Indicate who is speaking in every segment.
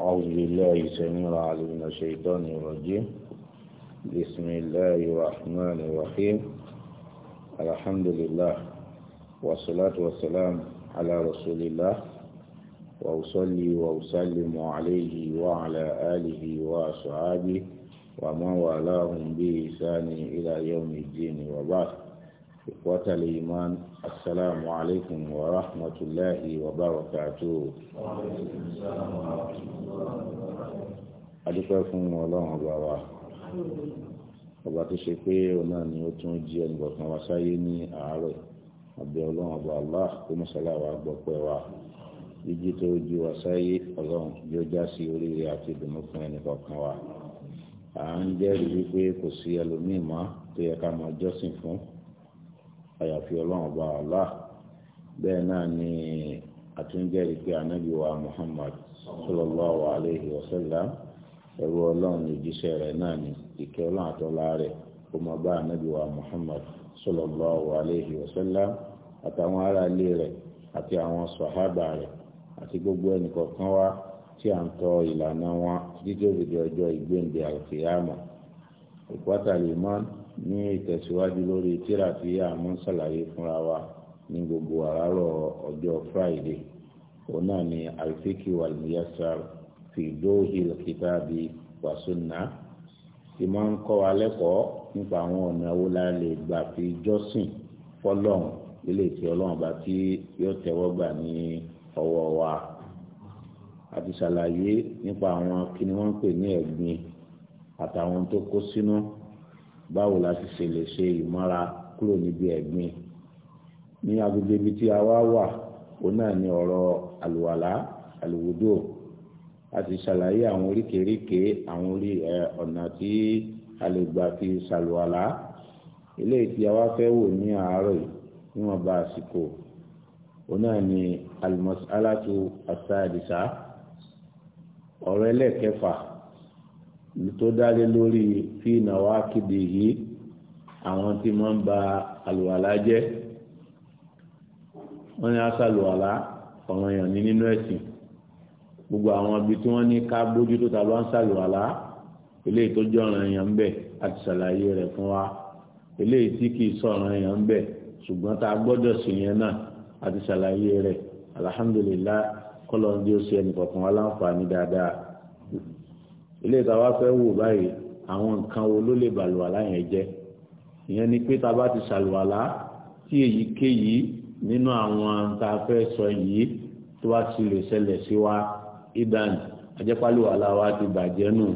Speaker 1: أعوذ بالله سميع العليم من الشيطان الرجيم بسم الله الرحمن الرحيم الحمد لله والصلاة والسلام على رسول الله وأصلي وأسلم عليه وعلى آله وأصحابه ومن والاهم بإحسان إلى يوم الدين وبعد إخوة الإيمان السلام عليكم ورحمة الله وبركاته adúpẹ́ الله ọlọ́run ọba wa ọba tó ṣe pé ọ̀nà ni ó tún jí ẹnìkọ̀ọ̀kan wa sáyé ní àárọ̀ àbẹ̀ ọlọ́run ọba Allah kó mọ́sálà wa gbọ́pẹ́ wa jíjí tó jí wa sáyé ọlọ́run yóò já sí oríire àti ìdùnnú fún ẹnìkọ̀ọ̀kan wa à ń jẹ́rìí wípé kò sí ẹlòmíì mọ́ tó yẹ ká máa jọ́sìn fún àyàfi ọlọ́run ọba Allah bẹ́ẹ̀ náà ni àtúnjẹ́rìí pé ànábì wa Muhammad sallallahu alayhi wa sallam ẹ̀rù ọlọ́run ní ìjíṣẹ́ rẹ̀ náà ni ìkẹ́ ọlọ́run àtọ́lá rẹ̀ kó máa bá ànábì wa Muhammad sallallahu alayhi wa sallam àtàwọn ará ilé rẹ̀ àti àwọn sọ̀hábà rẹ̀ àti gbogbo ẹnìkọ̀ọ̀kan wa tí à ń tọ ìlànà wọn títí òbí ọjọ́ ìgbéǹde àlùkìyàmọ̀ ìpátàlì mọ́ni ní ìtẹ̀síwájú lórí tírà tí a mú ṣàlàyé fúnra wa ní gbogbo àràárọ̀ ọjọ́ friday òun náà ni alfiki walmiyasar fi dóhìl kitabi wa sunna ti máa ń kọ́ wa lẹ́kọ̀ọ́ nípa àwọn ọ̀nà wo la lè gbà fi jọ́sìn fọlọ́run ilé tí ọlọ́run bá tí yóò tẹ́wọ́ gbà ní ọwọ́ wa àti ṣàlàyé nípa àwọn kí ni wọ́n ń pè ní ẹ̀gbin àtàwọn tó kó sínú. No? báwo la ti ṣe lè ṣe ìmọ́ra kúrò níbi ẹ̀gbin ní agbègbè ibi tí a wá wà òun náà ni ọ̀rọ̀ àlùwàlá àlùwòdò a ti ṣàlàyé àwọn oríkèéríkèé àwọn orí ọ̀nà tí a lè gbà fi ṣàlùwàlá eléyìí tí a wá fẹ́ wò ní àárọ̀ yìí níwọ̀nba àsìkò òun náà ni almasalatu asadisa ọ̀rọ̀ ẹlẹ́ẹ̀kẹfà ní tó dálé lórí fi ìnáwó akéde yìí àwọn tí wọ́n ń ba àlùwàlá jẹ́ wọ́n ní aṣàlùwàlá ọ̀ràn èèyàn ní nínú ẹ̀sìn gbogbo àwọn ibi tí wọ́n ní ká bójú tó ta ló ń ṣàlùwàlá eléyìí tó jẹ́ ọ̀ràn èèyàn ń bẹ àti ṣàlàyé rẹ̀ fún wa eléyìí tí kì í sọ̀ràn èèyàn ń bẹ ṣùgbọ́n tá a gbọ́dọ̀ sí yẹn náà àti ṣàlàyé rẹ̀ alhamdulillah kọ́lọ́ndé ṣe ẹnì kọ̀ọ̀kan wa láǹfààní dáadáa ilé ìtawá fẹ́ wò báyìí àwọn nǹkan wo ló lè bàlùwàlá yẹn jẹ́ ìyẹn ni pé ta bá ti ṣàlùwàlá tí èyíkéyìí nínú àwọn tá fẹ́ sọ yìí tó wá sí lè ṣẹlẹ̀ sí wa idan ajẹ́pálùwàlá wa ti bàjẹ́ nù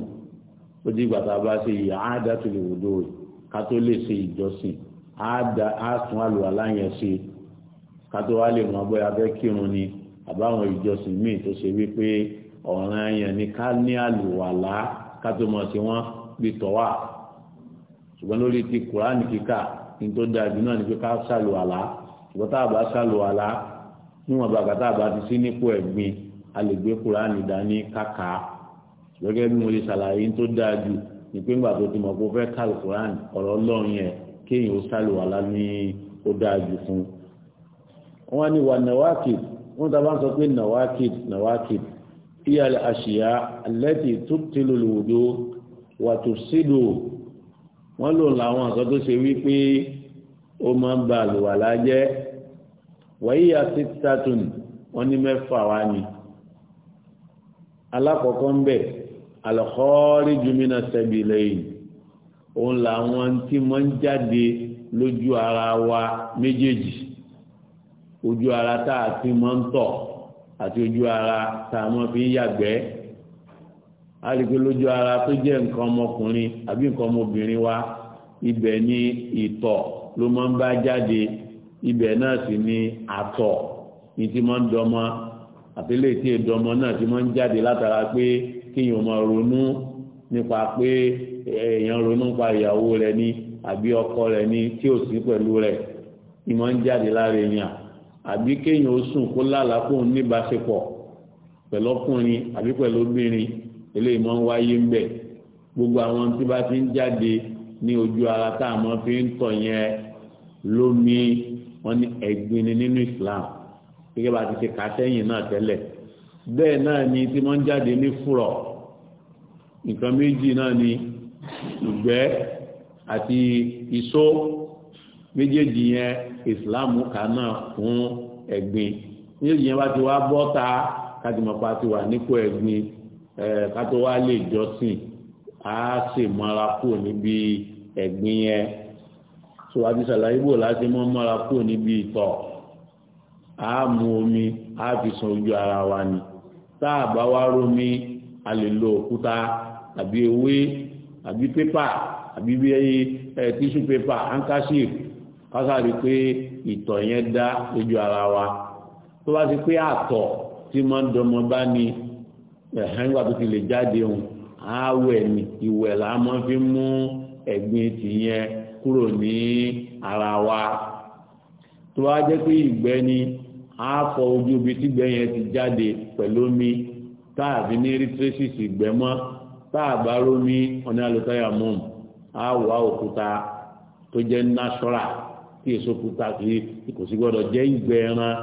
Speaker 1: ó di ìgbà tá a bá ṣe yìí àádá tó lè wò lóore ká tó lè ṣe ìjọsìn àádá á tún àlùwàlá yẹn ṣe ká tó wá lè mọ bóyá kírun ni àbáwọn ìjọsìn míì tó ṣe wípé ọ̀ràn yẹn ni ká ní àlùwàlá ká tó mọ̀ sí wọ́n bí tọ́wà ṣùgbọ́n lórí ti kùránì kíkà ní tó dáa jù náà ni pé ká ṣàlùwàlá ṣùgbọ́n tá a bá ṣàlùwàlá níwọ̀n bàgà tá a bá ti sí nípò ẹ̀gbin a lè gbé kùránì dání káka gẹ́gẹ́ bí mo lè ṣàlàyé tó dáa jù ní pé ńgbà tó ti mọ̀ pé ó fẹ́ kàlù kùránì ọ̀rọ̀ ọlọ́run yẹn kéèyàn ó ṣàlùwàlá ní ó dáa jù fún un. wọ́n ní wà nàwákìd wọ́n ta bá ń sọ pé nàwákìd nàwákìd هي الأشياء التي تبطل الوضوء وتفسده wọ́n lò láwọn nǹkan tó ṣe wípé ó máa ń ba àlùwàlá jẹ́ wàyí àti tatun wọ́n ní mẹ́fà wá ni alákọ̀ọ́kọ́ ń bẹ̀ àlọ́kọ́ọ́rí jùmínà sẹ́bi lẹ́yìn òun làwọn tí wọ́n ń àti ojú ara tá a mọ́ fi ń yàgbẹ́ alìgbé lójú ara tó jẹ́ nǹkan ọmọkùnrin àbí nǹkan ọmọbìnrin wa ibẹ̀ ni ìtọ̀ ló máa ń bá jáde ibẹ̀ náà sì ni àtọ̀ ní ti máa ń dọmọ àtẹlẹ tí ìdọmọ náà ti máa ń jáde látara pé kéèyàn máa ronú nípa pé èèyàn ronú nípa ìyàwó rẹ̀ ni àbí ọkọ rẹ̀ ni tí ò sí pẹ̀lú rẹ̀ ni máa ń jáde lára èèyàn àbí kéèyàn ó sùn kó lálàá kó ń níbáṣepọ̀ pẹ̀lú ọkùnrin àbí pẹ̀lú obìnrin eléyìí máa ń wáyé ń bẹ̀ gbogbo àwọn tí bá ti ń jáde ní ojú ara tá a máa fi ń tọ̀ yẹn lómi wọn ní ẹ̀gbin ni nínú Islam gẹ́gẹ́ bá ti ṣe kà sẹ́yìn náà tẹ́lẹ̀ bẹ́ẹ̀ náà ni tí wọ́n ń jáde ní fúrọ̀ nǹkan méjì náà ni ìgbẹ́ àti ìsó méjèèjì yẹn ìsìláàmù kan náà fún ẹ̀gbin méjèèjì yẹn bá ti wá bọ́ ta kájùmọ̀pá ti wà nípò ẹ̀gbin ká tó wá lè jọ́sìn á sì mọ́ra kúrò níbi ẹ̀gbin yẹn tó wá ti bò láti mọ́ mọ́ra kúrò níbi ìtọ̀ á mu omi á fi san ojú ara wa ni tá a bá wá rómi a lè lo òkúta àbí ewé àbí pépà àbí bí ẹ tíṣù pépà handkerchief kásáàrí pé ìtọ̀ yẹn dá lójú ara wa tó bá ti pé àtọ̀ tí máa ń dọmọ bá ní ẹ̀hán nígbà tó ti lè jáde òun ààwẹ̀ ni ìwẹ̀ là á máa fi mú ẹ̀gbin tìyẹn kúrò ní ara wa tó bá jẹ́ pé ìgbẹ́ ni a fọ ojú ibi tígbẹ́ yẹn ti jáde pẹ̀lú omi táàbí ní eritresis ìgbẹ́ mọ́ táàbá rómi ọ̀nà àlùtáyà mọ́m a wà òkúta tó jẹ́ náṣọ́rà kí èso kúta kì í kò sì gbọ́dọ̀ jẹ́ ìgbẹ́ ẹran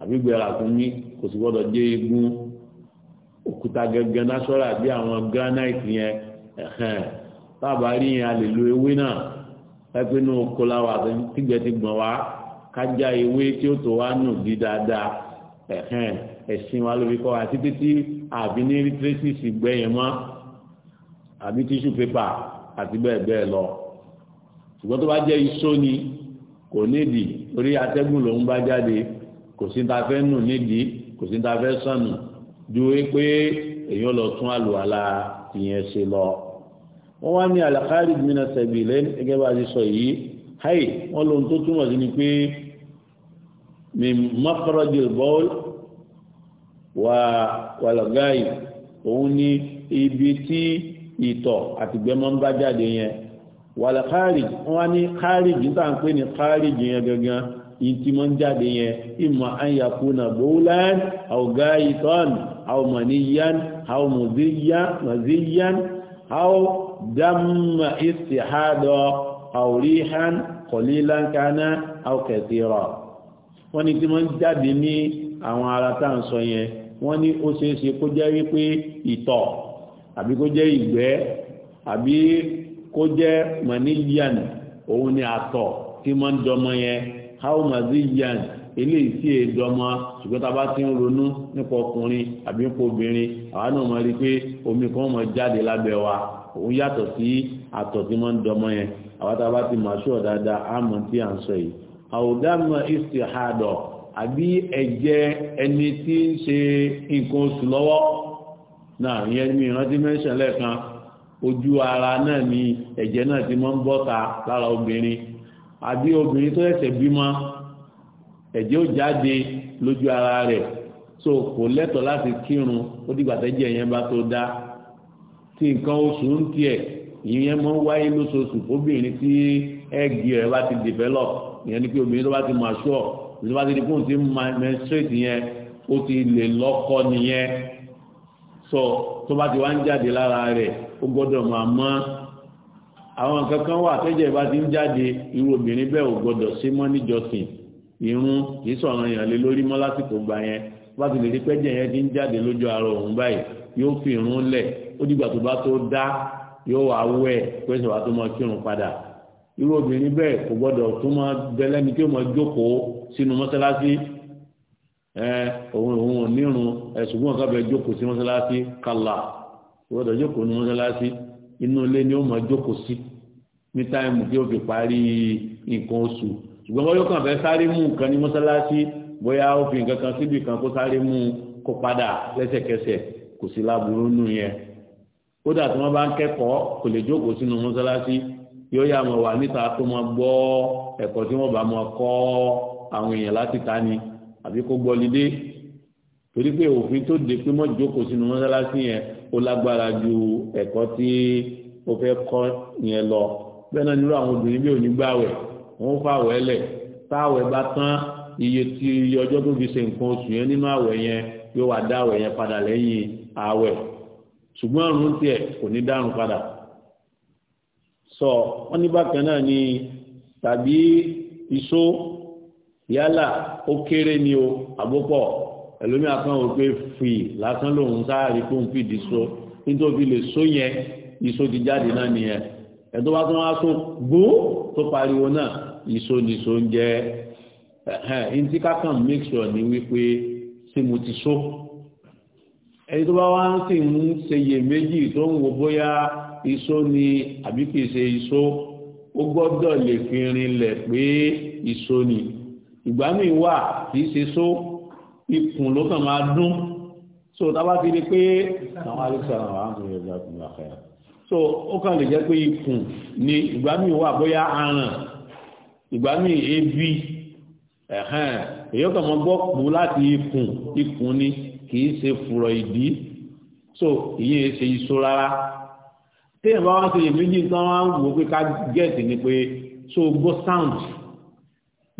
Speaker 1: àbí ìgbẹ́ ràkúnmí kò sì gbọ́dọ̀ jẹ́ eegun òkúta gẹ́gẹ́ násọ́rà bí àwọn granite yẹn ẹ̀hẹ́n tábà rí yẹn a lè lo ewé náà pẹ́pẹ́ inú oko láwa tígbẹ́ ti gbọ̀n wá kájá ewé tí ó tó wá nù bí dáadáa ẹ̀hẹ́n ẹ̀sìn wa ló fi àti títí àbí ní rítírésìsì gbẹ́yẹn mọ́ àbí tíṣù pépà àti bẹ́ẹ̀ bẹ́ẹ̀ lọ ṣùgbọ́n tó bá jẹ́ iṣó ni kò nídìí orí atẹ́gùn lòún bá jáde kò sí ta fẹ́ nù nídìí kò sí ta fẹ́ sànù ju pé èèyàn lọ tún àlùwàlà ìyẹn ṣe lọ. wọ́n wá ní àlàkárì mina sẹ̀bì lẹ́nu gẹ́gẹ́ bá a ti sọ yìí háì wọ́n lóhun tó túmọ̀ sí ni pé mi mọ́kọ́rọ́jì bọ́ọ̀lù wà wàlọ́gáì òun ní ibi tí ìtọ̀ àtìgbẹ́mọ́ ń bá jáde yẹn wàlà kárìjì wọ́n ní kárìjì tá à ń pè ní kárìjì yẹn gangan yìí tí wọ́n ń jáde yẹn ìmọ̀ àyàkúnà bowlan àwògá ìtọ́n àwòmọ̀níyàn àwòmọ̀zíyàn àwòdámà ìsìhádọ́ àwòríhàn kọ̀lílánkánà àwòkẹ̀tìrọ̀ wọ́n ní tí wọ́n ń jáde ní àwọn ara tá à ń sọ yẹn wọ́n ní ó ṣeéṣe kó jẹ́ wípé ìtọ̀ àbí kó jẹ́ ìgbẹ́ àbí kó jẹ́ manilian òun ni àtọ̀ tí máa ń dọmọ yẹn haumazilian eléyìí tí è dọmọ ṣùgbọ́n tá a bá ti ń ronú nípa ọkùnrin àbí nípa obìnrin àwa náà máa rí i pé omi kan máa jáde lábẹ́ wa òun yàtọ̀ sí àtọ̀ tí máa ń dọmọ yẹn àwa tá a bá ti máa ṣọ́ dáadáa àmọ́ tí à ń sọ yìí àwòdámọ̀ ìsìhàdọ̀ àbí ẹ̀jẹ̀ ẹni tí ń ṣe nǹkan oṣù lọ́wọ́ náà ìyẹn mi ìrántí mẹ́sàn-án lẹ́ẹ̀kan ojú ara náà ni ẹ̀jẹ̀ náà ti máa ń bọ́ta lára obìnrin àbí obìnrin tó ẹ̀sẹ̀ bímọ ẹ̀jẹ̀ ó jáde lójú ara rẹ̀ so kò lẹ́tọ̀ láti kírun ó dìgbà tẹ́jẹ̀ yẹn bá tó dá tí nǹkan oṣù ń tiẹ̀ ìyẹn máa ń wáyé lóṣooṣù obìnrin tí ẹ̀gì rẹ̀ bá ti develop ìyẹn ni pé obìnrin tó bá ti mature tó bá ti di fóun ti menstruate yẹn ó ti lè lọ́kọ nìyẹn sọ tó bá ti wá ń jáde lára rẹ̀ ó gbọ́dọ̀ máa mọ́ àwọn nǹkan kan wà tẹ́jẹ̀ bá ti ń jáde irú obìnrin bẹ́ẹ̀ ò gbọ́dọ̀ sí mọ́ níjọsìn irun kìí sọ̀rọ̀ yàn lé lórí mọ́ lásìkò gbà yẹn bá ti lè rí pẹ́jẹ̀ yẹn ti ń jáde lójú ara òun báyìí yóò fi irun lẹ̀ ó dìgbà tó bá tó dá yóò wá wẹ̀ pẹ́sẹ̀ wá tó mọ kírun padà irú obìnrin bẹ́ẹ̀ kò gbọ́dọ̀ tó mọ bẹ́lẹ́ni tí ó mọ jókòó sínú mọ́sálásí òun òun ò nírun ẹ̀sùnmọ́ jókòó sí mọ́sálásí kàlà gbọ́dọ̀ jókòó ní mọ́sálásí inú ilé ni ó mọ̀ jókòó sí ní táìmù tí ó fi parí nǹkan oṣù ṣùgbọ́n wọ́n yóò kàn fẹ́ sáré mú nǹkan ní mọ́sálásí bóyá ó fi nǹkan kan síbi kan kó sáré mú kó padà lẹ́sẹ̀kẹsẹ̀ kò sí láburú nù yẹn kódà tí wọ́n bá ń kẹ́kọ̀ọ́ kò lè jókòó sínú mọ́sálásí yóò yà mọ̀ wà níta tó mọ gbọ́ ẹ̀kọ́ tí wọ́n bá mọ kọ́ àwọn èèyàn láti ta ni àbí kó gbọ́lidé torí pé òfin tó de pé mọ́ jókòó sínú mọ́sálásí yẹn ó lágbára ju ẹ̀kọ́ tí ó fẹ́ kọ́ yẹn lọ bẹ́ẹ̀ náà nírú àwọn obìnrin bí òní gbàwẹ̀ wọ́n fàwẹ̀ lẹ̀ táwẹ̀ bá tán iye tí iye ọjọ́ tó fi ṣe nǹkan oṣù yẹn nínú àwẹ̀ yẹn yóò wá dá àwẹ̀ yẹn padà lẹ́yìn àwẹ̀ ṣùgbọ́n àrùn tiẹ̀ kò ní dárùn padà sọ wọ́n ní bákan náà ni tàbí iṣó yálà ó kéré ni o àbúpọ̀ ẹlòmí àkàn ò pé fì lásán lòun sáàrí kó ń fìdí so nítorí lè so yẹn iṣó ti jáde náà nìyẹn ẹ̀tọ́ bá tún wá so gbó tó pariwo náà iṣó ni so ń jẹ́ ẹ̀hẹ́n tí kákan make sure ni wípé ṣé mo ti so ẹni tó bá wá sì ń ṣeyè méjì tó ń wo bóyá iṣó ni àbí kìí ṣe iṣó ó gbọ́dọ̀ lè fi rinlẹ̀ pé iṣó ni ìgbà míì wà kì í ṣe só ikùn ló kàn máa dún so tábà ti di pé àwọn alẹ́sà àwọn àwọn ẹ̀dá kùn àkàyà so ó kàn lè jẹ́ pé ikùn ni ìgbà míì wà bóyá aràn ìgbà míì ebi ẹ̀hẹ́n èyí kàn mọ́ gbọ́ pù láti ikùn ikùn ni kì í ṣe fùrọ̀ ìdí so ìyẹn ṣe iṣó rárá téèyàn bá wá ń ṣe iyèméjì tán wá wò pé ká gẹ̀ẹ́sì ni pé so gbọ́ sound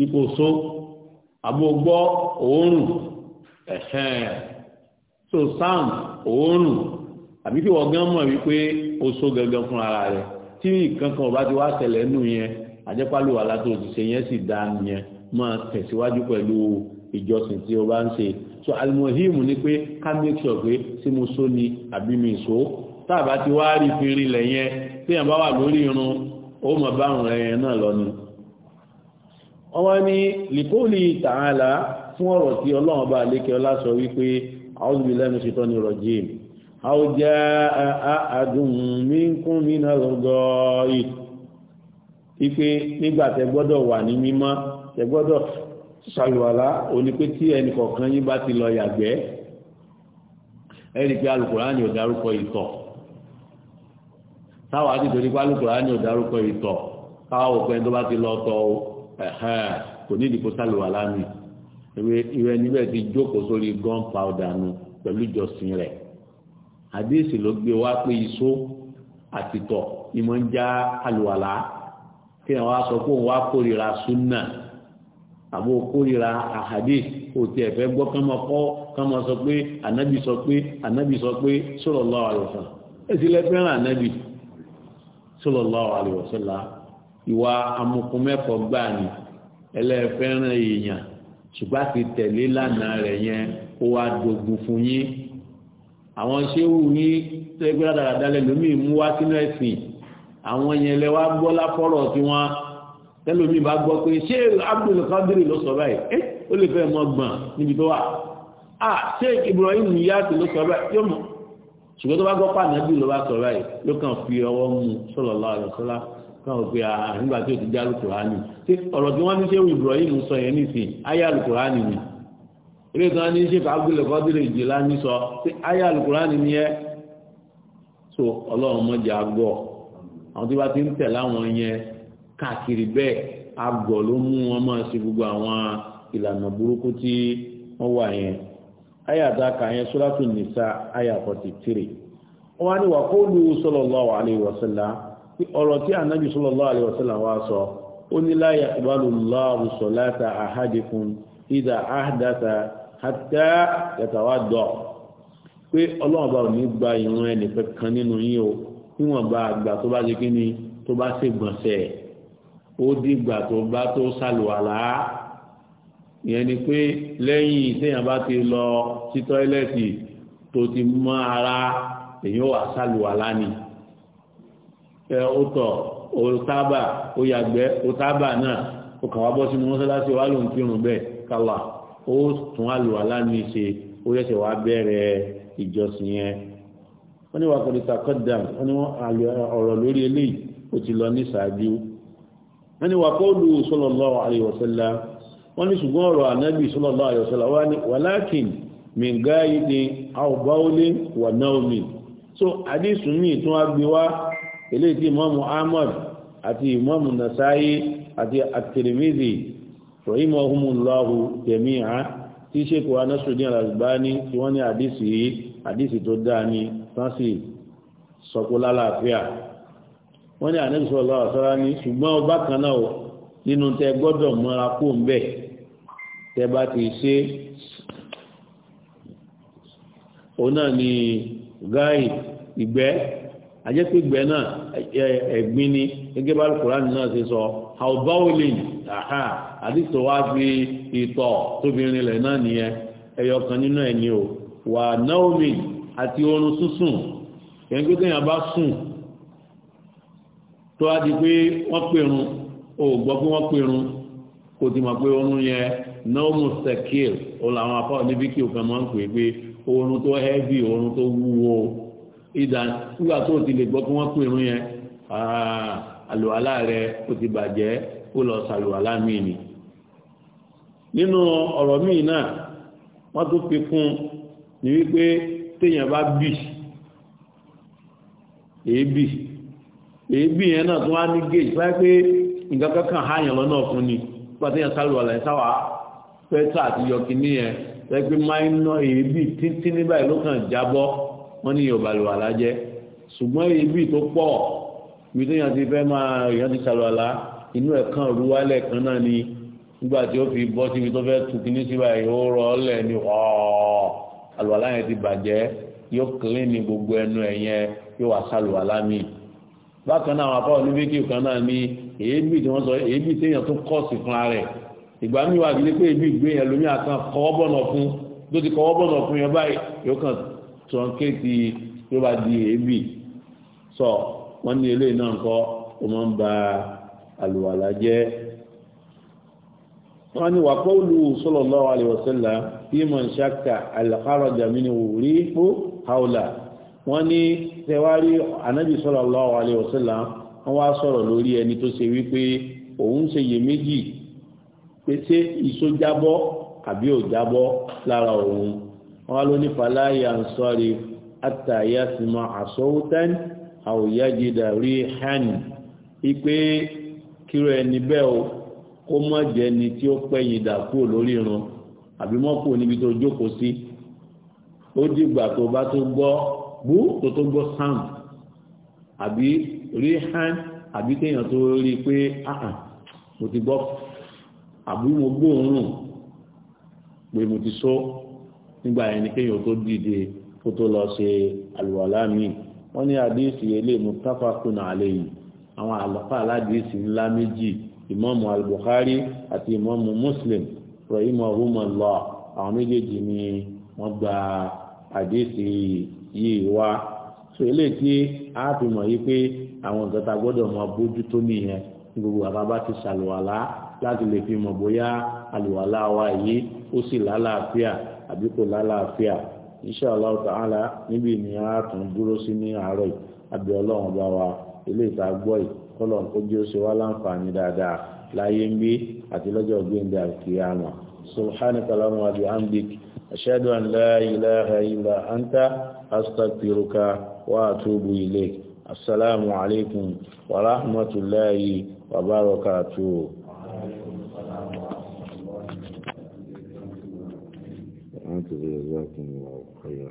Speaker 1: ipò so àbò gbọ́ òórùn ẹ̀hẹ́n so sound òórùn àbí kí wọ́n gán mọ̀ wípé o so gangan fún ara rẹ̀ tí nǹkan kan ọba ti wá ṣẹlẹ̀ nù yẹn àjẹpálò alátó òṣìṣẹ́ yẹn sì dá yẹn máa tẹ̀síwájú pẹ̀lú ìjọsìn tí o bá ń ṣe so alimohim ni pé ká make sure pé tí mo so ni àbí mi so tá a bá ti wá rí fi rinlẹ̀ yẹn téèyàn bá wà lórí irun ó mọ̀ bá àrùn rẹ̀ yẹn náà lọ ni wọ́n ní lìkóòlì tààlà fún ọ̀rọ̀ tí ọlọ́run bá lékẹ́ ọlá sọ wípé àwọn ìlẹ́nu ṣetọ́ ni rọ̀jìm àwọn jẹ́ àdùnmínkún mínà lọ́gọ́ ìpé nígbà tẹ gbọ́dọ̀ wà ní mímọ́ tẹ gbọ́dọ̀ ṣàlùwàlá òní pé tí ẹnì kọ̀ọ̀kan yín bá ti lọ yàgbẹ́ ẹ̀rí pé alùkùránì ò dárúkọ ìtọ̀ táwa ti torí pé alùkùránì ò dárúkọ ìtọ̀ káwa òpin tó bá ti lọ tọ̀ o kò ní ìdìbò sálùwà lánàá ìwé níbẹ̀ ti jókòó sórí gun powder nu pẹ̀lú ìjọsìn rẹ̀ àdéhìsì ló gbé wá pé iṣó àtìtọ̀ ni mo ń já àlùwàlá kí ẹ̀ wá sọ pé òun wá kórìíra súnà àbò kórìíra àhàdé òtí ẹ̀fẹ́ gbọ́ kánmọ́ kọ́ kánmọ́ sọ pé ànábì sọ pé ànábì sọ pé sallallahu alaihi wasallam èsì lẹ́fẹ́ràn ànábì sallallahu alaihi wasallam ìwà amukumẹ́kọ̀ọ́ gbà ní ẹlẹ́fẹ́ràn èèyàn ṣùgbọ́n àti tẹ̀lé lánàá rẹ̀ yẹn ó wá dogun fún yín àwọn ṣéwù yín tẹ́gbẹ́ dáradára lómìn mú wá sínú ẹ̀sìn àwọn yẹn lẹ wá gbọ́ láfọ́rọ̀ tí wọ́n tẹ́lómi bá gbọ́ pé ṣé Abdul Qadir ló sọ báyìí ẹ́ eh, ó lè fẹ́ mọ́ gbọ̀n níbi tó wà á ṣé Ibrahim Inyas ló sọ báyìí yóò mọ̀ ṣùgbọ́n tó bá gbọ́ pàdánù ló bá sọ báyìí ló kàn fi ọwọ́ mú sallallahu alaihi wasallam náà wọ́n pe àgbà ah, ah, tí o ti já alukurani ṣé ọ̀rọ̀ tí wọ́n ní ṣé Ibrahim sọ yẹn nísìn ayé alukurani ni ilé kan ní ṣe fàágùlẹ kọdúrà ìjìlá ní sọ ṣé ayé alukurani ni ẹ so Ọlọ́run mọjà àgọ àwọn tí wọ́n ti ń tẹ láwọn yẹn káàkiri bẹ́ẹ̀ àgọ ló mú wọn máa ṣe gbogbo àwọn ìlànà burúkú tí wọ́n wà yẹn ayé àdáka yẹn Suratu Nisa ayé àkọsí tìrì wọ́n wá ní wàkóòlù sallallahu alaihi wasallam ọ̀rọ̀ tí ànábì sallallahu alaihi wasallam wá sọ ó ní la yaqbalu Allahu salata ahadikum idha ahdatha hatta yatawadda pé ọlọ́run bá ò ní gba ìran ẹnìkan kan nínú yín o níwọ̀n bá àgbà tó bá ṣe kíni tó bá ṣègbọ̀nsẹ̀ ó dìgbà tó bá tó ṣàlùwàlá ìyẹn ni pé lẹ́yìn téèyàn bá ti lọ sí tọ́ílẹ̀tì tó ti mọ́ ara èèyàn wà ṣàlùwàlá ni
Speaker 2: ọtọ̀ òtábà òyàgbẹ́ òtábà náà ó kàwá bọ́ sínú mọ́sálásí wa ló ń kírun bẹ́ẹ̀
Speaker 1: kálá ó tún àlùwàlá ní í ṣe ó yẹ̀ṣẹ̀ wá bẹ̀rẹ̀ ìjọsìn yẹn wọ́n ní wà kọ́ni sàkọ́dà wọ́n ní ọ̀rọ̀ lórí eléyìí ó ti lọ ní ṣáájú wọ́n ní wà kọ́ọ̀lù sallallahu alaihi wasallam wọ́n ní ṣùgbọ́n ọ̀rọ̀ ànábì sallallahu alaihi wasallam wọ́n ní wàlákìn mìngáyìí ni àwòbáwọlé wà náà mi so àdéhùn mi tún wá gbé wá eléyìí tí imọ́mù ahmad àti imọ́mù nasayi àti at-tirmidhi rahimahumullahu jami'a tí sheikh wa nasruddin al-albani tí wọ́n ní àdìsí àdìsí tó dáa ní sánsì sọ́kó lálàáfíà wọ́n ní ànábì sallallahu alaihi wasallam ní ṣùgbọ́n ọba kan náà nínú tẹ gbọ́dọ̀ mọ́ra kó ń bẹ̀ tẹ bá ti ṣe òun náà ní gáì ìgbẹ́ àjẹpẹ́ gbẹ náà ẹ̀gbin ni gẹ́gẹ́ bá alukurani náà ṣe sọ albawlin aha àdìsọ wá fi ìtọ̀ tóbìnrin rẹ̀ náà nìyẹn ẹyọ kan nínú ẹ̀ ni o wà naomi àti oorun sísùn kẹ́ńgbé kéèyàn bá sùn tó a di pé wọ́n pèrun o gbọ́ pé wọ́n pèrun kò ti mọ̀ pé oorun yẹn naomi sekil o làwọn afọ níbi kí o kàn máa ń pè pé oorun tó hẹ́bì oorun tó wúwo ìdá nígbà tó ti lè gbọ́ kí wọ́n pèrún yẹn ah, àlùwàlá rẹ ó ti bàjẹ́ ó lọ sàlùwàlá míì ni nínú ọ̀rọ̀ míì náà wọ́n tó fi kún ní wípé téèyàn bá bì èébì èébì yẹn náà tó wá ní gèjì báyìí pé nǹkan kankan háyàn lọ́nà ọ̀fun ni nípa téèyàn sàlùwàlá yẹn sáwà pẹ́tà àti yọkí níyẹn lẹ́gbẹ́ máa ń ná èébì títí ní ló kàn jábọ́ wọ́n ní yorùbá lò wà lájẹ́ ṣùgbọ́n ibi tó pọ̀ ibi tó yàn ti fẹ́ máa èèyàn ti ṣàlọ́ àlá inú ẹ̀ kan ru wálẹ̀ kan náà ni nígbà tí ó fi bọ́ síbi tó fẹ́ tu kíní síbà yìí ó rọ ọ́lẹ̀ ni ọ̀ọ́ àlọ́ àlá yẹn ti bàjẹ́ yóò kílín ní gbogbo ẹnu ẹ̀ yẹn yóò wá ṣàlọ́ àlá mi bákan náà àwọn afọ́ onífíkì kan náà ni èébì tí wọ́n sọ èébì tí èèyàn tún kọ́ọ̀sì fún ara ẹ̀ ìgbà mi wà nílé pé èébì gbé yẹn lómi àkàn kọ́wọ́ bọ̀nà fún tó ti kọ́wọ́ bọ̀nà fún yẹn báyìí yóò kàn truncated tó bá di èébì sọ wọ́n ní eléyìí náà kọ́ ó máa ń ba àlùwàlá jẹ́ wọ́n ní wà qawlu sallallahu alaihi wasallam tí mọ̀ ń ṣáka al-kharaja minhu rihu hawla wọ́n ní tẹwárí anábì sallallahu alaihi wasallam wá sọ̀rọ̀ lórí ẹni tó ṣe wípé òun ṣe yè pé ṣé ìsó jábọ́ àbí ò jábọ́ lára òun wọ́n ló ní fàláyà ń sọ́rí àtàyà sí mọ́ àsọ́wútán àwòyájídà rí hàn ipé kírò ẹni bẹ́ẹ̀ o kó mọ́ jẹ́ ni tí ó pẹ́yìn dà kúrò lórí irun àbí mọ́ kúrò níbi tó jókòó sí ó dìgbà tó bá tó gbọ́ bú tó tó gbọ́ sound àbí rí hàn àbí téèyàn tó rí pé mo ti gbọ́ àbí mo gbóòórùn pé mo ti sọ nígbà yẹn ni kéèyàn tó dìde kó tó lọ ṣe àlùwàlá míì wọ́n ní àdéhìsì eléyìí muttafaqun alayhi àwọn àlọ́fà aládìsí ńlá méjì ìmáàmù al-Bukhari àti ìmáàmù Muslim rahimahumullah àwọn méjèèjì ni wọ́n gba àdéhìsì yìí wá so eléyìí tí a fi mọ̀ yí pé àwọn nǹkan tá a gbọ́dọ̀ máa bójú nìyẹn gbogbo àbá ti ṣàlùwàlá láti lè fi mọ̀ bóyá àlùwàlá wa yìí ó sì lálàáfíà àbí kò lálàáfíà insha Allah ta'ala níbi ìnìyàn àtún dúró sí ní àárọ̀ yìí àbí ọlọ́run bá wa ilé ìta gbọ́ yìí kọ́lọ̀ kó jẹ́ ó ṣe wá láǹfààní dáadáa láyé ń bí àti lọ́jọ́ gbẹ̀ndẹ̀ àkíyàmà subhanaka allahumma wa bihamdik ashhadu an la ilaha illa anta astaghfiruka wa atubu ilayk assalamu alaikum wa rahmatullahi wa barakatuh 这个约定我可以。